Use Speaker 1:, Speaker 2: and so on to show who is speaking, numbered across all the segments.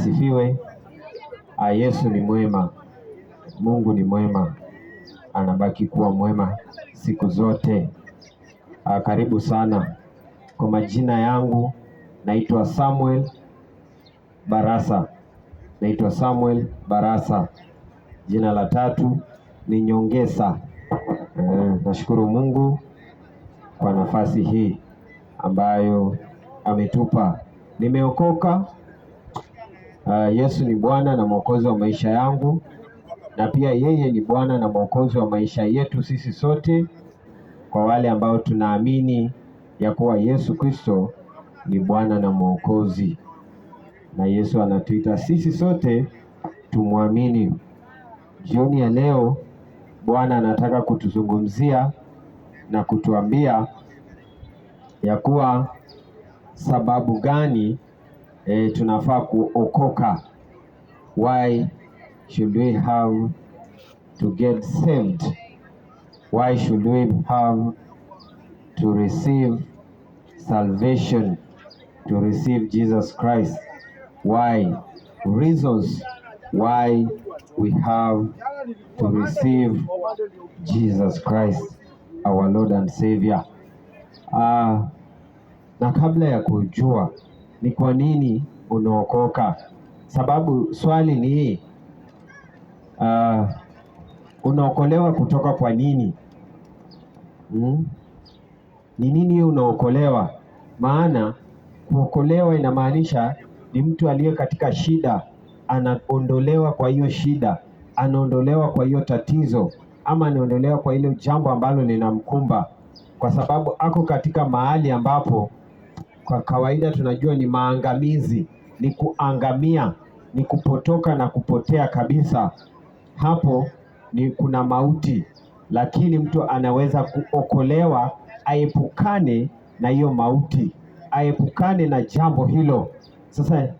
Speaker 1: asifiwe. A, ah, Yesu ni mwema, Mungu ni mwema, anabaki kuwa mwema siku zote. A, ah, karibu sana. Kwa majina yangu naitwa Samuel Barasa, naitwa Samuel Barasa. Jina la tatu ni Nyongesa. E, nashukuru Mungu kwa nafasi hii ambayo ametupa. Nimeokoka uh, Yesu ni Bwana na Mwokozi wa maisha yangu, na pia yeye ni Bwana na Mwokozi wa maisha yetu sisi sote, kwa wale ambao tunaamini ya kuwa Yesu Kristo ni Bwana na Mwokozi, na Yesu anatuita sisi sote tumwamini. Jioni ya leo Bwana anataka kutuzungumzia na kutuambia ya kuwa sababu gani e, tunafaa kuokoka. Why should we have to get saved? Why should we have to receive salvation, to receive Jesus Christ? Why? Reasons why we have to receive Jesus Christ our Lord and Savior. Uh, na kabla ya kujua ni kwa nini unaokoka? Sababu swali ni uh, unaokolewa kutoka kwa nini? Hmm? Ni nini unaokolewa? Maana kuokolewa inamaanisha ni mtu aliye katika shida anaondolewa kwa hiyo shida, anaondolewa kwa hiyo tatizo, ama anaondolewa kwa hilo jambo ambalo linamkumba, kwa sababu ako katika mahali ambapo kwa kawaida tunajua ni maangamizi, ni kuangamia, ni kupotoka na kupotea kabisa. Hapo ni kuna mauti, lakini mtu anaweza kuokolewa, aepukane na hiyo mauti, aepukane na jambo hilo. Sasa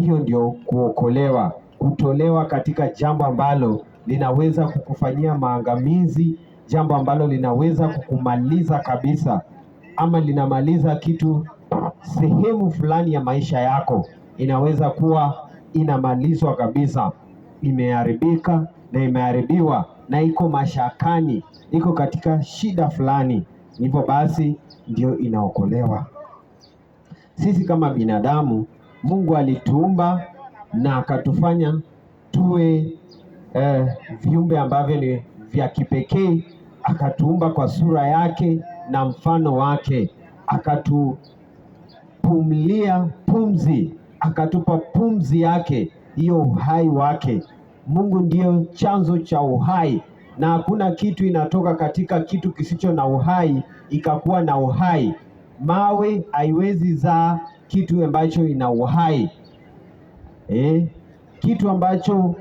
Speaker 1: hiyo ndio kuokolewa, kutolewa katika jambo ambalo linaweza kukufanyia maangamizi, jambo ambalo linaweza kukumaliza kabisa, ama linamaliza kitu sehemu fulani ya maisha yako inaweza kuwa inamalizwa kabisa, imeharibika na imeharibiwa na iko mashakani, iko katika shida fulani, hivyo basi ndio inaokolewa. Sisi kama binadamu, Mungu alituumba na akatufanya tuwe eh, viumbe ambavyo ni vya kipekee. Akatuumba kwa sura yake na mfano wake akatu kuvumilia pumzi, akatupa pumzi yake, hiyo uhai wake. Mungu ndiyo chanzo cha uhai, na hakuna kitu inatoka katika kitu kisicho na uhai ikakuwa na uhai. Mawe haiwezi zaa kitu ambacho ina uhai eh? Kitu ambacho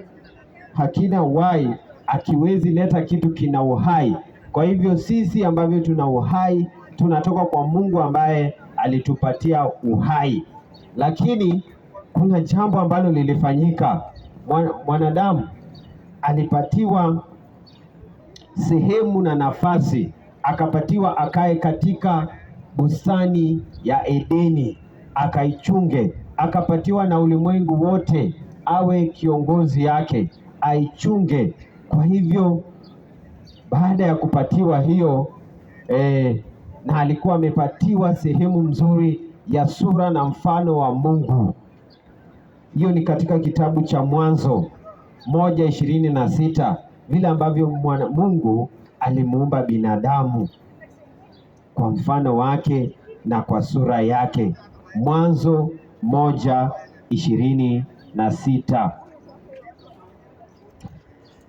Speaker 1: hakina uhai akiwezi leta kitu kina uhai. Kwa hivyo sisi ambavyo tuna uhai tunatoka kwa Mungu ambaye alitupatia uhai, lakini kuna jambo ambalo lilifanyika. Mwanadamu alipatiwa sehemu na nafasi, akapatiwa akae katika bustani ya Edeni akaichunge, akapatiwa na ulimwengu wote awe kiongozi yake aichunge. Kwa hivyo baada ya kupatiwa hiyo eh, na alikuwa amepatiwa sehemu nzuri ya sura na mfano wa Mungu. Hiyo ni katika kitabu cha Mwanzo moja ishirini na sita vile ambavyo mwana Mungu alimuumba binadamu kwa mfano wake na kwa sura yake. Mwanzo moja ishirini na sita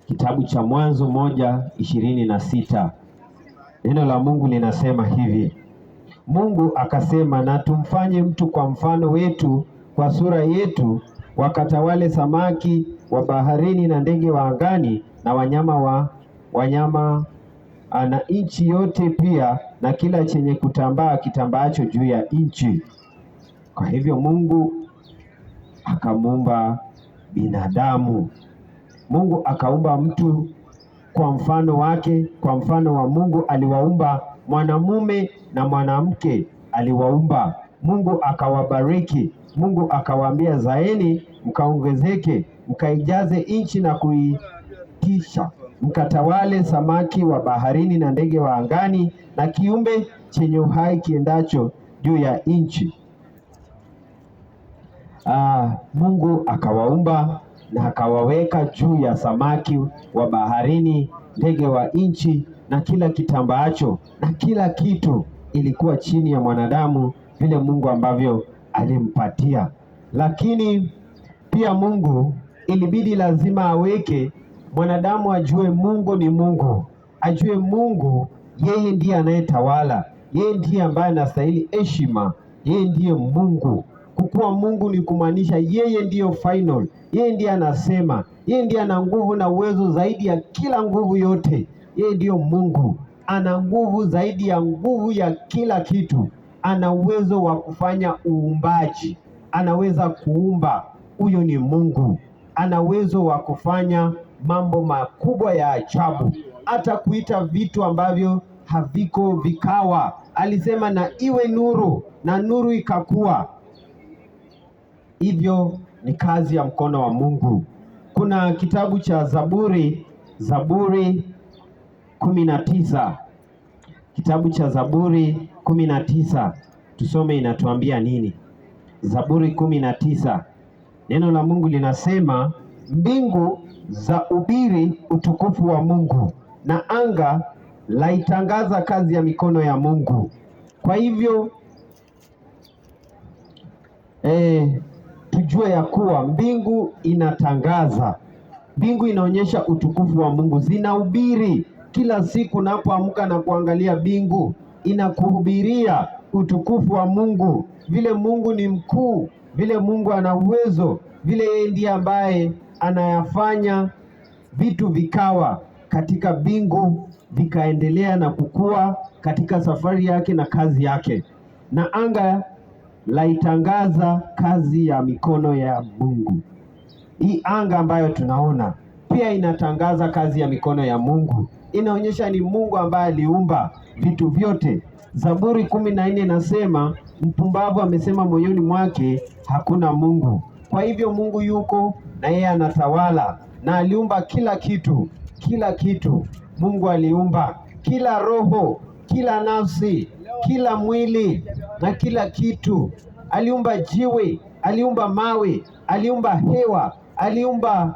Speaker 1: kitabu cha Mwanzo moja ishirini na sita. Neno la Mungu linasema hivi, Mungu akasema, na tumfanye mtu kwa mfano wetu, kwa sura yetu, wakatawale samaki wa baharini na ndege wa angani na wanyama wa wanyama na nchi yote pia na kila chenye kutambaa kitambaacho juu ya nchi. Kwa hivyo Mungu akamuumba binadamu. Mungu akaumba mtu kwa mfano wake, kwa mfano wa Mungu aliwaumba, mwanamume na mwanamke aliwaumba. Mungu akawabariki, Mungu akawaambia, zaeni mkaongezeke, mkaijaze nchi na kuitisha, mkatawale samaki wa baharini na ndege wa angani na kiumbe chenye uhai kiendacho juu ya nchi. Ah, Mungu akawaumba na akawaweka juu ya samaki wa baharini, ndege wa nchi na kila kitambaacho na kila kitu ilikuwa chini ya mwanadamu vile Mungu ambavyo alimpatia. Lakini pia Mungu ilibidi lazima aweke mwanadamu ajue Mungu ni Mungu, ajue Mungu yeye ndiye anayetawala, yeye ndiye ambaye anastahili heshima, yeye ndiye Mungu kukua Mungu ni kumaanisha yeye ndiyo final, yeye ndiye anasema, yeye ndiye ana nguvu na uwezo zaidi ya kila nguvu yote. Yeye ndiyo Mungu, ana nguvu zaidi ya nguvu ya kila kitu, ana uwezo wa kufanya uumbaji, anaweza kuumba. Huyo ni Mungu, ana uwezo wa kufanya mambo makubwa ya ajabu, hata kuita vitu ambavyo haviko vikawa. Alisema na iwe nuru, na nuru ikakuwa hivyo ni kazi ya mkono wa Mungu. Kuna kitabu cha Zaburi, Zaburi kumi na tisa, kitabu cha Zaburi kumi na tisa, tusome inatuambia nini? Zaburi kumi na tisa, neno la Mungu linasema mbingu za ubiri utukufu wa Mungu na anga laitangaza kazi ya mikono ya Mungu. Kwa hivyo eh, tujue ya kuwa mbingu inatangaza, mbingu inaonyesha utukufu wa Mungu, zinahubiri kila siku. Napoamka na kuangalia mbingu, inakuhubiria utukufu wa Mungu, vile Mungu ni mkuu, vile Mungu ana uwezo, vile yeye ndiye ambaye anayafanya vitu vikawa katika mbingu vikaendelea na kukua katika safari yake na kazi yake, na anga laitangaza kazi ya mikono ya Mungu. Hii anga ambayo tunaona pia inatangaza kazi ya mikono ya Mungu, inaonyesha ni Mungu ambaye aliumba vitu vyote. Zaburi kumi na nne inasema mpumbavu amesema moyoni mwake hakuna Mungu. Kwa hivyo Mungu yuko na yeye anatawala, na aliumba kila kitu. Kila kitu Mungu aliumba, kila roho, kila nafsi, kila mwili, na kila kitu. Aliumba jiwe, aliumba mawe, aliumba hewa, aliumba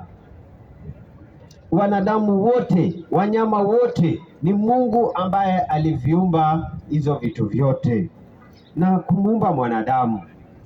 Speaker 1: wanadamu wote, wanyama wote. Ni Mungu ambaye aliviumba hizo vitu vyote na kumuumba mwanadamu,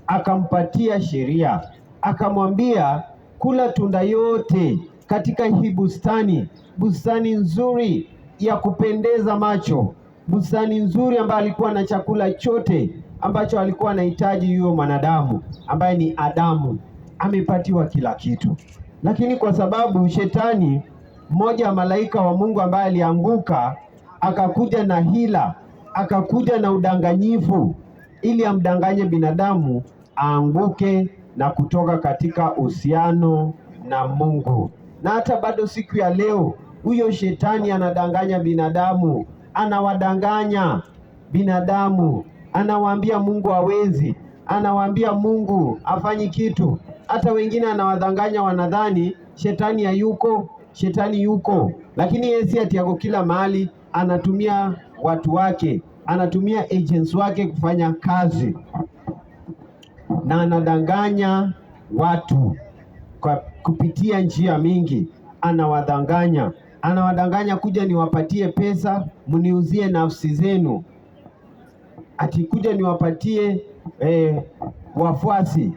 Speaker 1: akampatia sheria, akamwambia kula tunda yote katika hii bustani, bustani nzuri ya kupendeza macho, bustani nzuri ambayo alikuwa na chakula chote ambacho alikuwa anahitaji huyo mwanadamu ambaye ni Adamu, amepatiwa kila kitu, lakini kwa sababu shetani, mmoja wa malaika wa Mungu ambaye alianguka, akakuja na hila, akakuja na udanganyifu ili amdanganye binadamu aanguke na kutoka katika uhusiano na Mungu. Na hata bado siku ya leo huyo shetani anadanganya binadamu, anawadanganya binadamu anawaambia Mungu hawezi, anawaambia Mungu afanyi kitu. Hata wengine anawadanganya, wanadhani shetani hayuko, shetani yuko, lakini yeye si ati yako kila mahali. Anatumia watu wake, anatumia agents wake kufanya kazi, na anadanganya watu kwa kupitia njia mingi. Anawadanganya, anawadanganya kuja niwapatie pesa, mniuzie nafsi zenu atikuja niwapatie eh, wafuasi.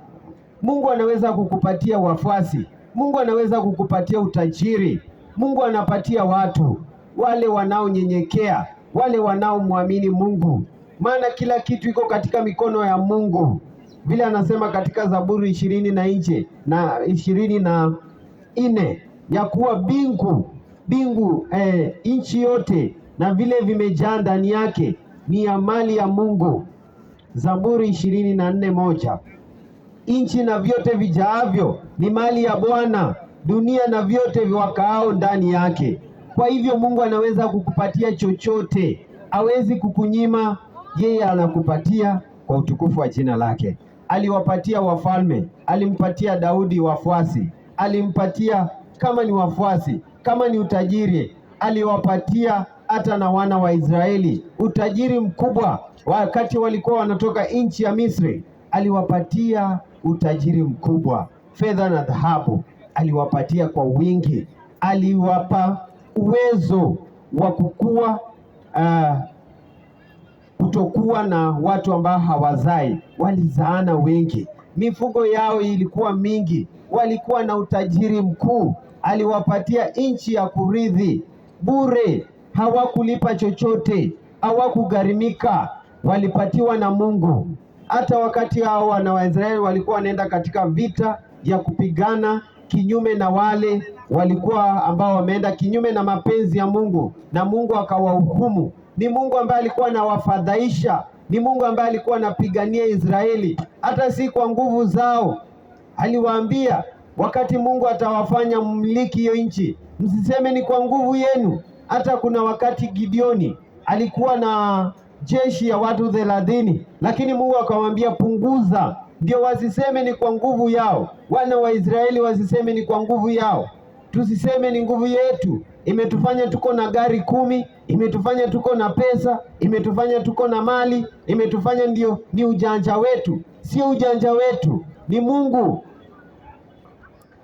Speaker 1: Mungu anaweza kukupatia wafuasi. Mungu anaweza kukupatia utajiri. Mungu anapatia watu wale wanaonyenyekea, wale wanaomwamini Mungu, maana kila kitu iko katika mikono ya Mungu, vile anasema katika Zaburi ishirini na nje na ishirini na nne ya kuwa bingu bingu eh, nchi yote na vile vimejaa ndani yake ni ya mali ya Mungu. Zaburi ishirini na nne moja. Nchi na vyote vijaavyo ni mali ya Bwana, dunia na vyote viwakaao ndani yake. Kwa hivyo Mungu anaweza kukupatia chochote, hawezi kukunyima. Yeye anakupatia kwa utukufu wa jina lake. Aliwapatia wafalme, alimpatia Daudi wafuasi, alimpatia kama ni wafuasi, kama ni utajiri, aliwapatia hata na wana wa Israeli utajiri mkubwa. Wakati walikuwa wanatoka nchi ya Misri, aliwapatia utajiri mkubwa, fedha na dhahabu aliwapatia kwa wingi, aliwapa uwezo wa kukua uh, kutokuwa na watu ambao hawazai, walizaana wengi, mifugo yao ilikuwa mingi, walikuwa na utajiri mkuu. Aliwapatia nchi ya kurithi bure, hawakulipa chochote, hawakugharimika, walipatiwa na Mungu. Hata wakati hao wana Waisraeli walikuwa wanaenda katika vita ya kupigana kinyume na wale walikuwa ambao wameenda kinyume na mapenzi ya Mungu, na Mungu akawahukumu. Ni Mungu ambaye alikuwa anawafadhaisha, ni Mungu ambaye alikuwa anapigania Israeli, hata si kwa nguvu zao. Aliwaambia wakati Mungu atawafanya mmiliki hiyo nchi, msiseme ni kwa nguvu yenu, hata kuna wakati Gideoni alikuwa na jeshi ya watu thelathini, lakini Mungu akamwambia punguza, ndio wasiseme ni kwa nguvu yao. Wana wa Israeli wasiseme ni kwa nguvu yao, tusiseme ni nguvu yetu imetufanya tuko na gari kumi, imetufanya tuko na pesa, imetufanya tuko na mali, imetufanya ndio. Ni ujanja wetu, sio ujanja wetu, ni Mungu.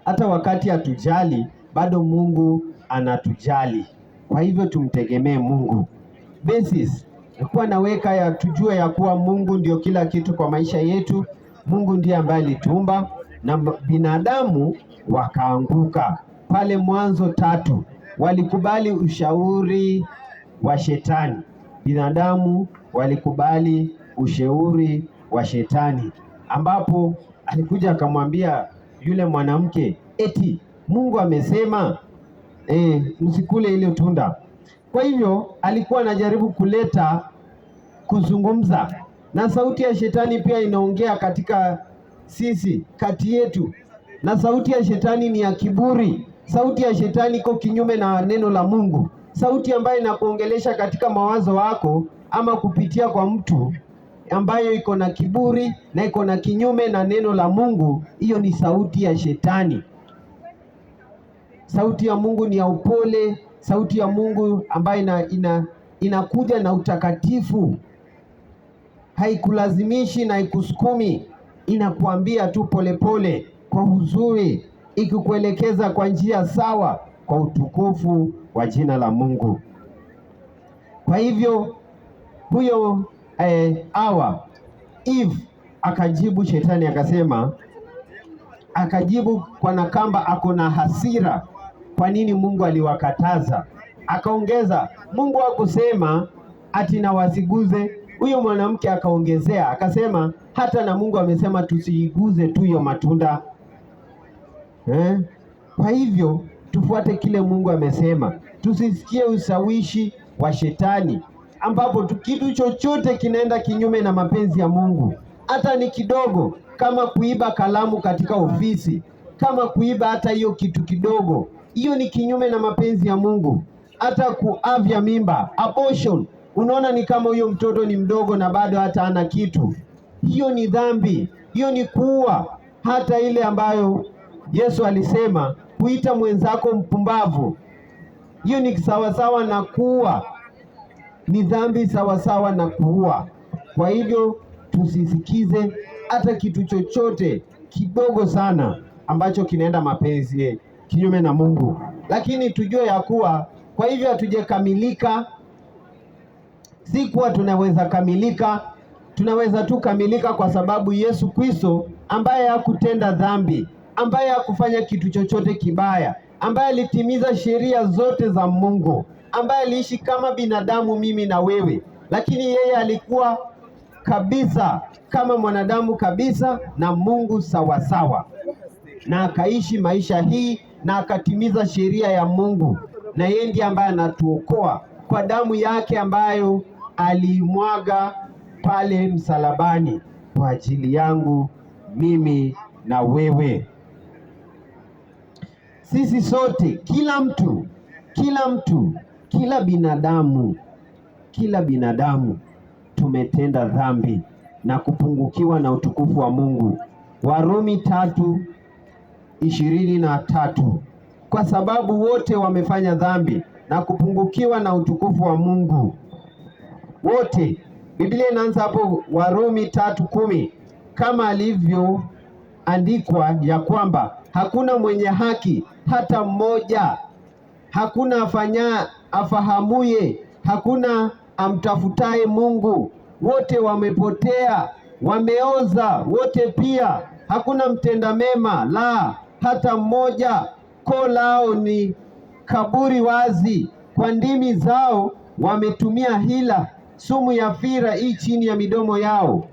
Speaker 1: Hata wakati hatujali, bado Mungu anatujali. Kwa hivyo tumtegemee Mungu. Basis nikuwa naweka ya tujue ya kuwa Mungu ndio kila kitu kwa maisha yetu. Mungu ndiye ambaye alituumba na binadamu wakaanguka pale Mwanzo tatu, walikubali ushauri wa shetani. Binadamu walikubali ushauri wa shetani, ambapo alikuja akamwambia yule mwanamke eti Mungu amesema eh, msikule ile tunda. Kwa hivyo alikuwa anajaribu kuleta kuzungumza, na sauti ya shetani pia inaongea katika sisi, kati yetu, na sauti ya shetani ni ya kiburi. Sauti ya shetani iko kinyume na neno la Mungu, sauti ambayo inakuongelesha katika mawazo wako ama kupitia kwa mtu ambayo iko na kiburi na iko na kinyume na neno la Mungu. Hiyo ni sauti ya shetani. Sauti ya Mungu ni ya upole, sauti ya Mungu ambayo ina, ina, inakuja na utakatifu, haikulazimishi na haikusukumi, inakuambia tu polepole pole, kwa uzuri, ikikuelekeza kwa njia sawa, kwa utukufu wa jina la Mungu. Kwa hivyo huyo eh, awa Eve akajibu shetani akasema, akajibu kwa nakamba ako na hasira kwa nini Mungu aliwakataza? Akaongeza, Mungu hakusema ati na wasiguze. Huyo mwanamke akaongezea akasema, hata na Mungu amesema tusiiguze tu hiyo matunda eh? Kwa hivyo tufuate kile Mungu amesema, tusisikie ushawishi wa shetani, ambapo kitu chochote kinaenda kinyume na mapenzi ya Mungu, hata ni kidogo, kama kuiba kalamu katika ofisi, kama kuiba hata hiyo kitu kidogo hiyo ni kinyume na mapenzi ya Mungu. Hata kuavya mimba abortion, unaona ni kama huyo mtoto ni mdogo na bado hata ana kitu, hiyo ni dhambi, hiyo ni kuua. Hata ile ambayo Yesu alisema kuita mwenzako mpumbavu, hiyo ni sawasawa na kuua, ni dhambi sawasawa na kuua. Kwa hivyo tusisikize hata kitu chochote kidogo sana ambacho kinaenda mapenzi kinyume na Mungu, lakini tujue ya kuwa kwa hivyo hatujakamilika, si kuwa tunaweza kamilika, tunaweza tu kamilika kwa sababu Yesu Kristo ambaye hakutenda dhambi, ambaye hakufanya kitu chochote kibaya, ambaye alitimiza sheria zote za Mungu, ambaye aliishi kama binadamu mimi na wewe, lakini yeye alikuwa kabisa kama mwanadamu kabisa na Mungu sawasawa, na akaishi maisha hii na akatimiza sheria ya Mungu, na yeye ndiye ambaye anatuokoa kwa damu yake ambayo aliimwaga pale msalabani kwa ajili yangu mimi na wewe. Sisi sote, kila mtu, kila mtu, kila binadamu, kila binadamu tumetenda dhambi na kupungukiwa na utukufu wa Mungu. Warumi tatu ishirini na tatu kwa sababu wote wamefanya dhambi na kupungukiwa na utukufu wa Mungu wote. Biblia inaanza hapo Warumi tatu kumi kama alivyoandikwa ya kwamba hakuna mwenye haki hata mmoja, hakuna afanya afahamuye, hakuna amtafutaye Mungu. Wote wamepotea, wameoza wote pia, hakuna mtenda mema la hata mmoja. Koo lao ni kaburi wazi, kwa ndimi zao wametumia hila, sumu ya fira hii chini ya midomo yao.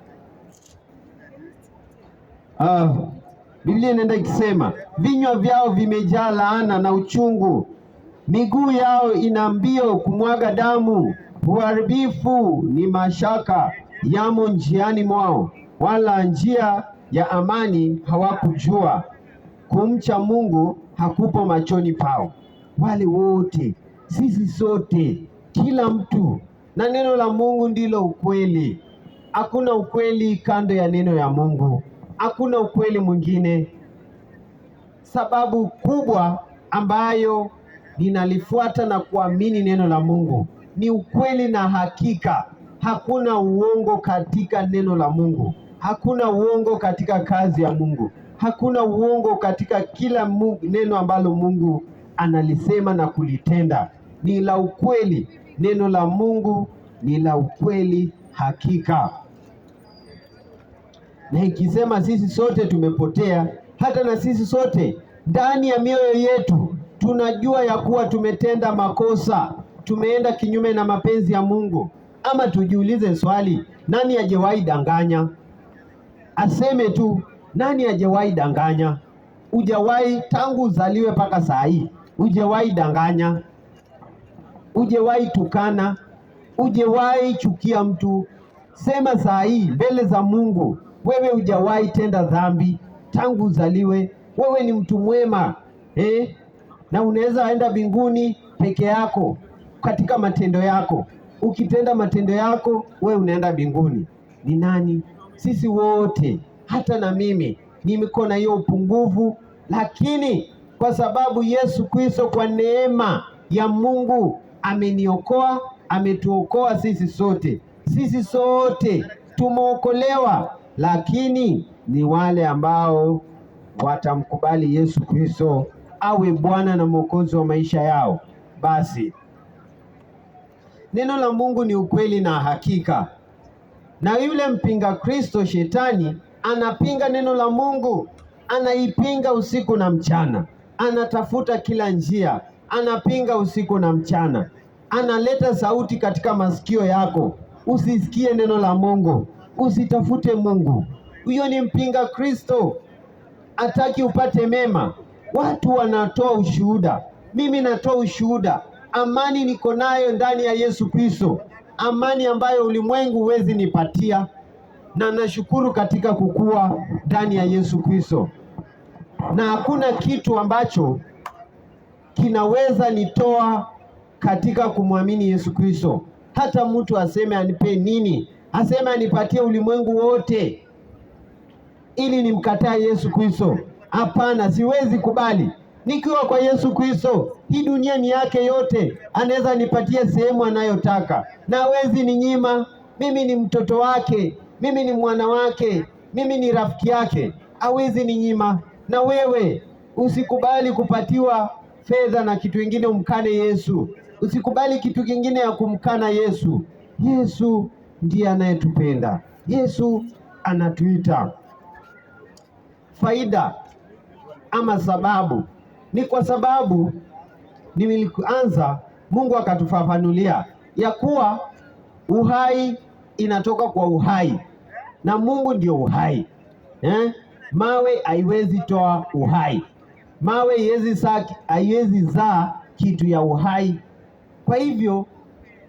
Speaker 1: Ah, Biblia inaenda ikisema vinywa vyao vimejaa laana na uchungu, miguu yao ina mbio kumwaga damu, uharibifu ni mashaka yamo njiani mwao, wala njia ya amani hawakujua kumcha Mungu hakupo machoni pao. Wale wote, sisi sote, kila mtu, na neno la Mungu ndilo ukweli. Hakuna ukweli kando ya neno ya Mungu, hakuna ukweli mwingine. Sababu kubwa ambayo ninalifuata na kuamini neno la Mungu ni ukweli na hakika. Hakuna uongo katika neno la Mungu, hakuna uongo katika kazi ya Mungu. Hakuna uongo katika kila neno ambalo Mungu analisema na kulitenda, ni la ukweli. Neno la Mungu ni la ukweli hakika, na ikisema sisi sote tumepotea, hata na sisi sote ndani ya mioyo yetu tunajua ya kuwa tumetenda makosa, tumeenda kinyume na mapenzi ya Mungu. Ama tujiulize swali, nani ajewahi danganya? Aseme tu nani ajewahi danganya? Ujewahi tangu uzaliwe mpaka saa hii, ujewahi danganya, ujawahi tukana, ujawahi chukia mtu. Sema saa hii mbele za Mungu, wewe ujawahi tenda dhambi tangu uzaliwe. Wewe ni mtu mwema eh? na unaweza enda mbinguni peke yako katika matendo yako. Ukitenda matendo yako, wewe unaenda mbinguni. Ni nani? Sisi wote hata na mimi nimekuwa na hiyo upungufu, lakini kwa sababu Yesu Kristo kwa neema ya Mungu ameniokoa, ametuokoa sisi sote. Sisi sote tumeokolewa, lakini ni wale ambao watamkubali Yesu Kristo awe Bwana na Mwokozi wa maisha yao. Basi neno la Mungu ni ukweli na hakika, na yule mpinga Kristo shetani anapinga neno la Mungu, anaipinga usiku na mchana, anatafuta kila njia, anapinga usiku na mchana, analeta sauti katika masikio yako, usisikie neno la Mungu, usitafute Mungu. Huyo ni mpinga Kristo, hataki upate mema. Watu wanatoa ushuhuda, mimi natoa ushuhuda. Amani niko nayo ndani ya Yesu Kristo, amani ambayo ulimwengu huwezi nipatia na nashukuru katika kukua ndani ya Yesu Kristo, na hakuna kitu ambacho kinaweza nitoa katika kumwamini Yesu Kristo. Hata mtu aseme anipe nini, aseme anipatie ulimwengu wote ili nimkataa Yesu Kristo, hapana, siwezi kubali. Nikiwa kwa Yesu Kristo, hii dunia ni yake yote, anaweza nipatie sehemu anayotaka na ni ninyima. Mimi ni mtoto wake, mimi ni mwana wake, mimi ni rafiki yake, awezi ni nyima. Na wewe usikubali kupatiwa fedha na kitu kingine umkane Yesu, usikubali kitu kingine ya kumkana Yesu. Yesu ndiye anayetupenda, Yesu anatuita. Faida ama sababu ni kwa sababu nilianza, Mungu akatufafanulia ya kuwa uhai inatoka kwa uhai na Mungu ndio uhai eh? Mawe haiwezi toa uhai, mawe haiwezi zaa kitu ya uhai. Kwa hivyo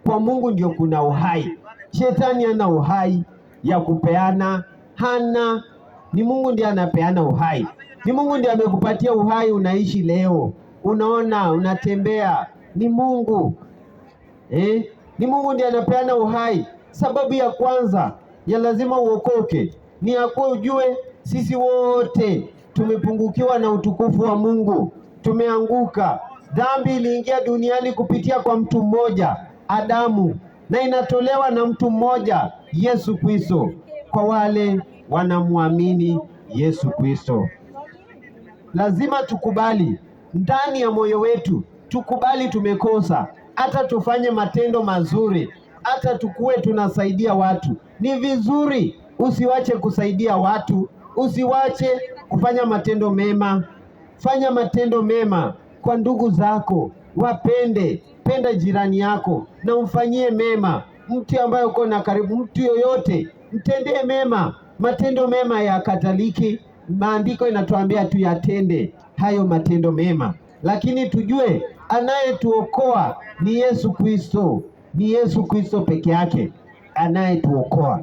Speaker 1: kwa Mungu ndio kuna uhai. Shetani hana uhai ya kupeana, hana. Ni Mungu ndiye anapeana uhai, ni Mungu ndiye amekupatia uhai, unaishi leo, unaona, unatembea, ni Mungu eh? Ni Mungu ndiye anapeana uhai. Sababu ya kwanza ya lazima uokoke, ni yakuwa ujue sisi wote tumepungukiwa na utukufu wa Mungu, tumeanguka. Dhambi iliingia duniani kupitia kwa mtu mmoja Adamu, na inatolewa na mtu mmoja Yesu Kristo kwa wale wanamwamini Yesu Kristo. Lazima tukubali ndani ya moyo wetu, tukubali tumekosa, hata tufanye matendo mazuri, hata tukuwe tunasaidia watu, ni vizuri usiwache kusaidia watu, usiwache kufanya matendo mema. Fanya matendo mema kwa ndugu zako, wapende, penda jirani yako na umfanyie mema mtu ambaye uko na karibu, mtu yoyote mtendee mema. Matendo mema ya kataliki, maandiko inatuambia tuyatende hayo matendo mema, lakini tujue anayetuokoa ni Yesu Kristo, ni Yesu Kristo peke yake anayetuokoa.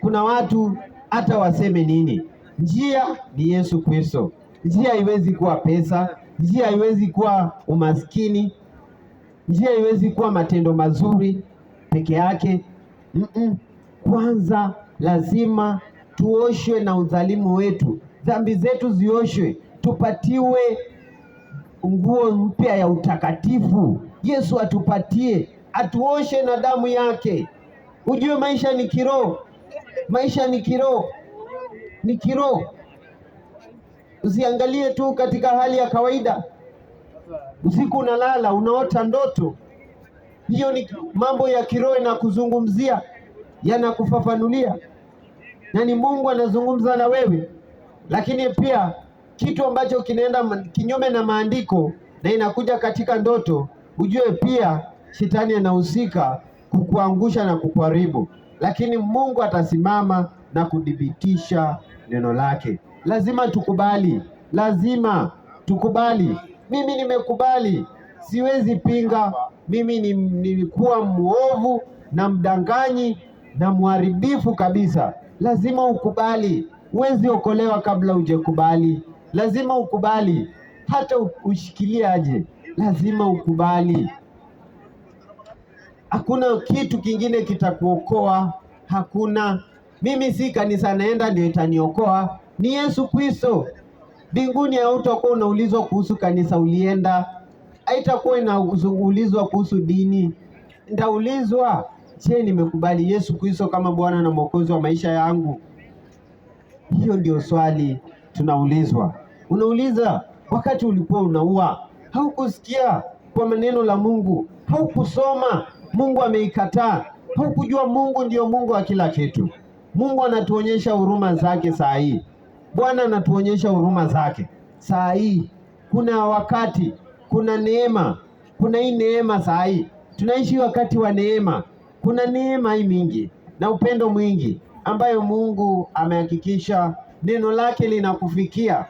Speaker 1: Kuna watu hata waseme nini, njia ni Yesu Kristo. Njia haiwezi kuwa pesa, njia haiwezi kuwa umaskini, njia haiwezi kuwa matendo mazuri peke yake. Mm -mm. Kwanza lazima tuoshwe na udhalimu wetu, dhambi zetu zioshwe, tupatiwe nguo mpya ya utakatifu. Yesu atupatie atuoshe na damu yake. Ujue maisha ni kiroho, maisha ni kiroho, ni kiroho. Usiangalie tu katika hali ya kawaida. Usiku unalala unaota ndoto, hiyo ni mambo ya kiroho, yanakuzungumzia, yanakufafanulia, na ni Mungu anazungumza na wewe. Lakini pia kitu ambacho kinaenda kinyume na maandiko na inakuja katika ndoto, ujue pia shetani anahusika kukuangusha na kukuharibu, lakini Mungu atasimama na kudhibitisha neno lake. Lazima tukubali, lazima tukubali. Mimi nimekubali, siwezi pinga. Mimi nilikuwa mwovu na mdanganyi na mharibifu kabisa. Lazima ukubali. Huwezi okolewa kabla hujakubali. Lazima ukubali, hata ushikiliaje, lazima ukubali hakuna kitu kingine kitakuokoa, hakuna. Mimi si kanisa naenda ndio itaniokoa, ni Yesu Kristo. Mbinguni hautakuwa unaulizwa kuhusu kanisa ulienda, haitakuwa inaulizwa kuhusu dini. Ndaulizwa, je, nimekubali Yesu Kristo kama Bwana na Mwokozi wa maisha yangu? Hiyo ndio swali tunaulizwa. Unauliza, wakati ulikuwa unaua haukusikia kwa maneno la Mungu, haukusoma Mungu ameikataa Haukujua Mungu ndiyo Mungu wa kila kitu. Mungu anatuonyesha huruma zake saa hii. Bwana anatuonyesha huruma zake saa hii. Kuna wakati, kuna neema, kuna hii neema saa hii. Tunaishi wakati wa neema, kuna neema hii mingi na upendo mwingi ambayo Mungu amehakikisha neno lake linakufikia,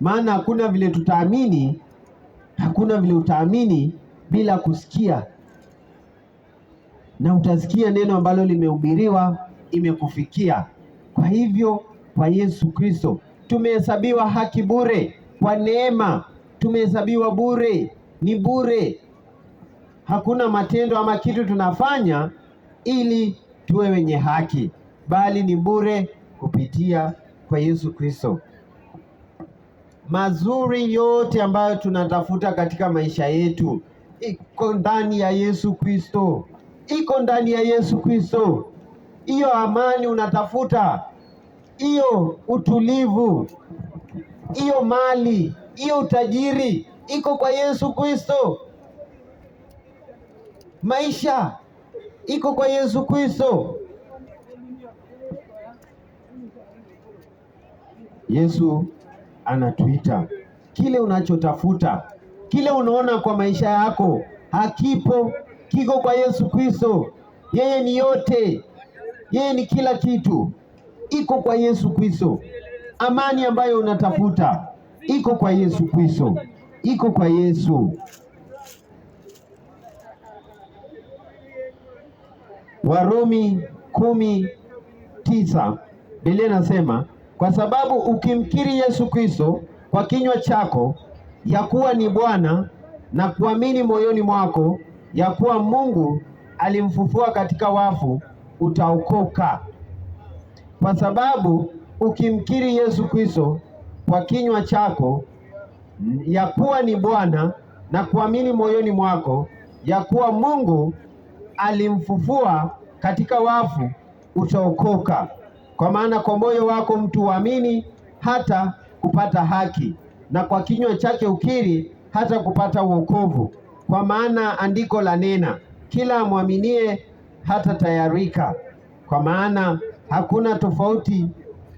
Speaker 1: maana hakuna vile tutaamini, hakuna vile utaamini bila kusikia, na utasikia neno ambalo limehubiriwa imekufikia. Kwa hivyo, kwa Yesu Kristo tumehesabiwa haki bure, kwa neema tumehesabiwa bure, ni bure. Hakuna matendo ama kitu tunafanya ili tuwe wenye haki, bali ni bure kupitia kwa Yesu Kristo. Mazuri yote ambayo tunatafuta katika maisha yetu iko ndani ya Yesu Kristo, iko ndani ya Yesu Kristo. Hiyo amani unatafuta, hiyo utulivu, hiyo mali, hiyo utajiri iko kwa Yesu Kristo. Maisha iko kwa Yesu Kristo. Yesu anatuita kile unachotafuta kile unaona kwa maisha yako hakipo, kiko kwa Yesu Kristo. Yeye ni yote, yeye ni kila kitu, iko kwa Yesu Kristo. Amani ambayo unatafuta iko kwa Yesu Kristo, iko kwa Yesu. Warumi kumi tisa Biblia inasema, kwa sababu ukimkiri Yesu Kristo kwa kinywa chako ya kuwa ni Bwana na kuamini moyoni mwako ya kuwa Mungu alimfufua katika wafu utaokoka, kwa sababu ukimkiri Yesu Kristo kwa kinywa chako ya kuwa ni Bwana na kuamini moyoni mwako ya kuwa Mungu alimfufua katika wafu utaokoka, kwa maana kwa moyo wako mtu waamini hata kupata haki na kwa kinywa chake ukiri hata kupata wokovu, kwa maana andiko la nena, kila amwaminie hata tayarika. Kwa maana hakuna tofauti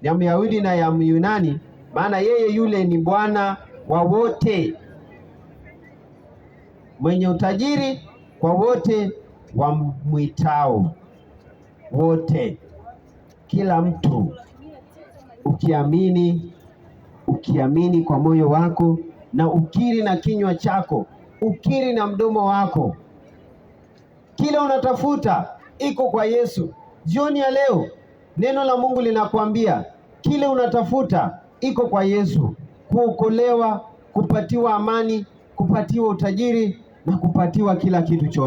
Speaker 1: ya Myahudi na ya Myunani, maana yeye yule ni Bwana wa wote, mwenye utajiri kwa wote wamwitao. Wote, kila mtu ukiamini ukiamini kwa moyo wako na ukiri na kinywa chako, ukiri na mdomo wako. Kila unatafuta iko kwa Yesu. Jioni ya leo neno la Mungu linakwambia kile unatafuta iko kwa Yesu: kuokolewa, kupatiwa amani, kupatiwa utajiri na kupatiwa kila kitu chote.